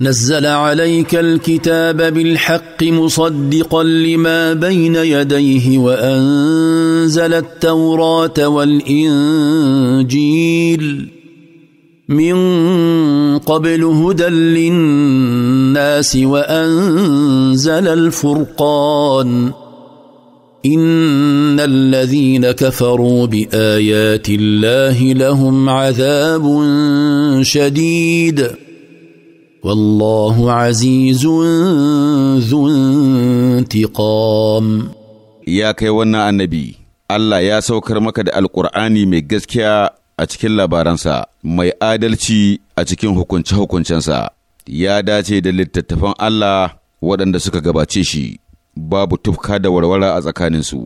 نزل عليك الكتاب بالحق مصدقا لما بين يديه وانزل التوراه والانجيل من قبل هدى للناس وانزل الفرقان ان الذين كفروا بايات الله لهم عذاب شديد والله عزيز ذو انتقام يا كي ونا النبي الله يا سوكر مكد القرآن مي gaskiya a cikin labaransa mai adalci a cikin hukunce-hukuncensa ya dace da littattafan Allah waɗanda suka gabace shi babu tufka da warwara a tsakaninsu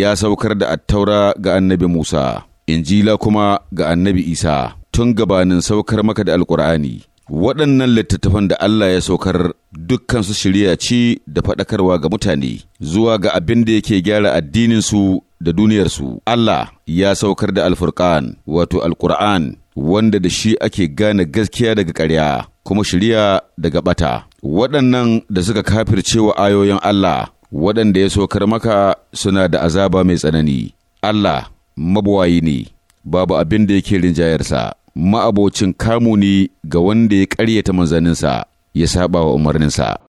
ya saukar da attaura ga annabi Musa injila kuma ga annabi Isa tun gabanin saukar maka da alkur'ani waɗannan littattafan da Allah ya saukar dukkansu shirya ci da faɗakarwa ga mutane zuwa ga abin da yake gyara addininsu da duniyarsu. Allah ya saukar da Alfurkan wato Alkur'an wanda da shi ake gane gaskiya daga ƙarya kuma shirya daga ɓata. Waɗannan da suka kafircewa ayoyin Allah waɗanda ya saukar maka suna da azaba mai tsanani. Allah mabuwayi ne, babu abin da yake rinjayarsa. ma'abocin kamuni ga wanda ya ƙaryata manzanninsa ya saba wa umarninsa.